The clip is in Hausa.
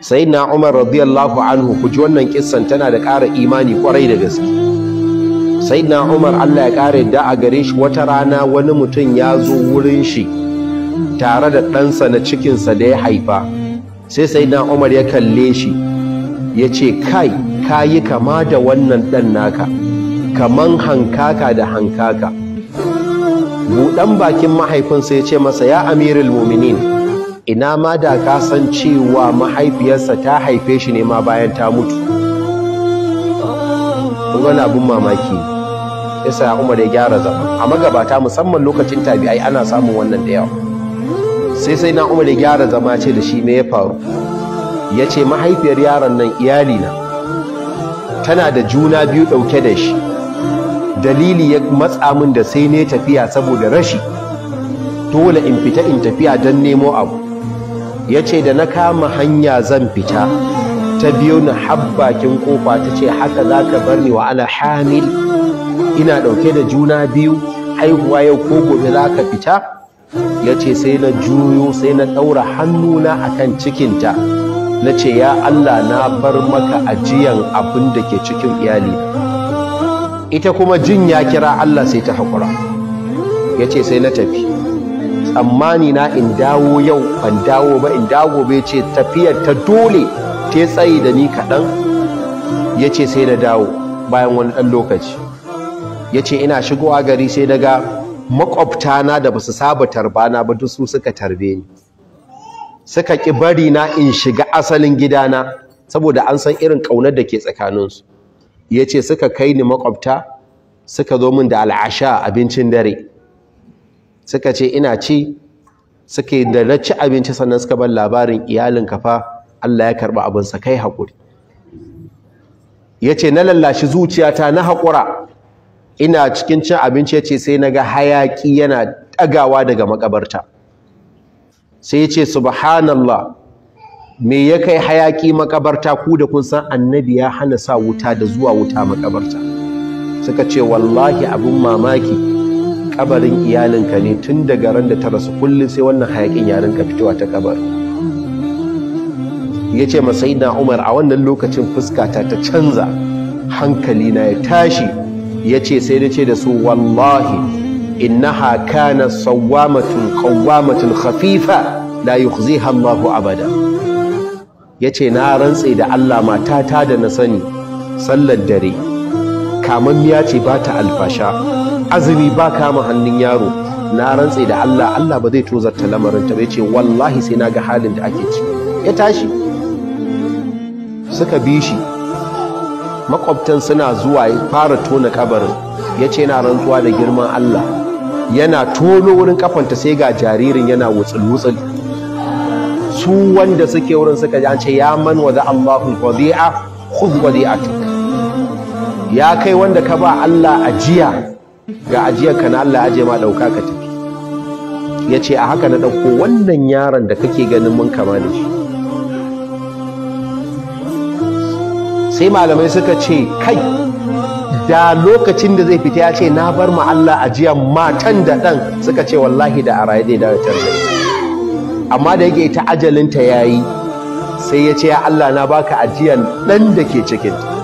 sayyidina Umar radiyallahu anhu ku ji wannan kissan tana da ƙara imani kwarai da gaske sayyidina Umar Allah ya ƙara yadda a gare shi wata rana wani mutum ya zo wurin shi tare da ɗansa na cikinsa da ya haifa sai sayyidina Umar ya kalle shi ya ce kai ka yi kama da wannan ɗan naka kaman hankaka da hankaka buɗan bakin mahaifinsa ya ce masa ya amirul muminin ina ma da ka san cewa mahaifiyarsa ta haife shi ne ma bayan ta mutu wani abin mamaki ya umar ya gyara zama a magabata musamman lokacin tabi'ai ana samun wannan da yawa sai sai na umar ya gyara zama ce da shi ne ya faru ya ce mahaifiyar yaron nan iyali na. tana da juna biyu ɗauke da shi dalili ya matsa min da sai ne tafiya saboda rashi dole in fita in tafiya don nemo abu ya ce da na kama hanya zan fita ta biyo ni habbakin kofa ta ce haka za ka bar ni wa hamil ina ɗauke da juna biyu haihuwa yau ko gobe za ka fita ya ce sai na juyo sai na ɗaura hannuna a kan cikinta na ce ya Allah na bar maka ajiyan abin da ke cikin iyali ita kuma jin ya kira Allah sai ta haƙura ya ce sai na tafi tsammani na in dawo yau ban dawo ba in dawo bai ce tafiyar ta dole ta tsayi da ni kaɗan ya ce sai na dawo bayan wani ɗan lokaci ya ce ina shigowa gari sai daga makwabtana da ba su saba tarbana ba duk su suka tarbe ni suka ƙi bari na in shiga asalin gidana saboda an san irin ƙaunar da ke tsakaninsu ya ce suka kai ni makwabta suka zo min da al'asha abincin dare suka ce ina ci suke da na ci abinci sannan suka bar labarin iyalin kafa. Allah ya karba abinsa kai haƙuri yace na lallashi zuciyata na haƙura ina cikin cin abinci yace sai naga hayaki yana ɗagawa daga makabarta sai yace subhanallah me ya kai hayaki makabarta ku da kun san annabi ya hana sa wuta da zuwa wuta makabarta suka ce wallahi abin mamaki kabarin iyalinka ne tun daga ran da ta rasu kullum sai wannan hayakin ya rinka fitowa ta kabar ya ce masai na umar a wannan lokacin fuskata ta canza hankali na ya tashi ya ce sai da ce da su wallahi innaha kana sawwamatun qawwamatun khafifa la yukhziha Allahu abada yace na rantse da Allah matata da na sani sallar dare kamammiya ce ba ta alfasha azumi ba kama hannun yaro na rantse da Allah Allah ba zai tozarta lamarin ta bai ce wallahi sai na ga halin da ake ci. ya tashi suka bi shi makwabtan suna zuwa ya fara tona kabarin ya ce na rantsuwa da girman Allah yana tono wurin kafanta sai ga jaririn yana wutsul-wutsul su wanda suke wurin suka ji an ce ya man wa da Allahul wadi'a khudh wadi'atuk ya kai wanda ka ba Allah ajiya ga ajiyarka na Allah aje ma ɗauka ka tafi yace a haka na ɗauko wannan yaron da kake ganin mun kama ne shi sai malamai suka ce kai da lokacin da zai fita ya ce na bar ma Allah ajiya matan da ɗan suka ce wallahi da a raye da tar amma da yake ta ajalinta ya yi sai ya ce ya Allah na baka ajiyan ɗan da ke cikinta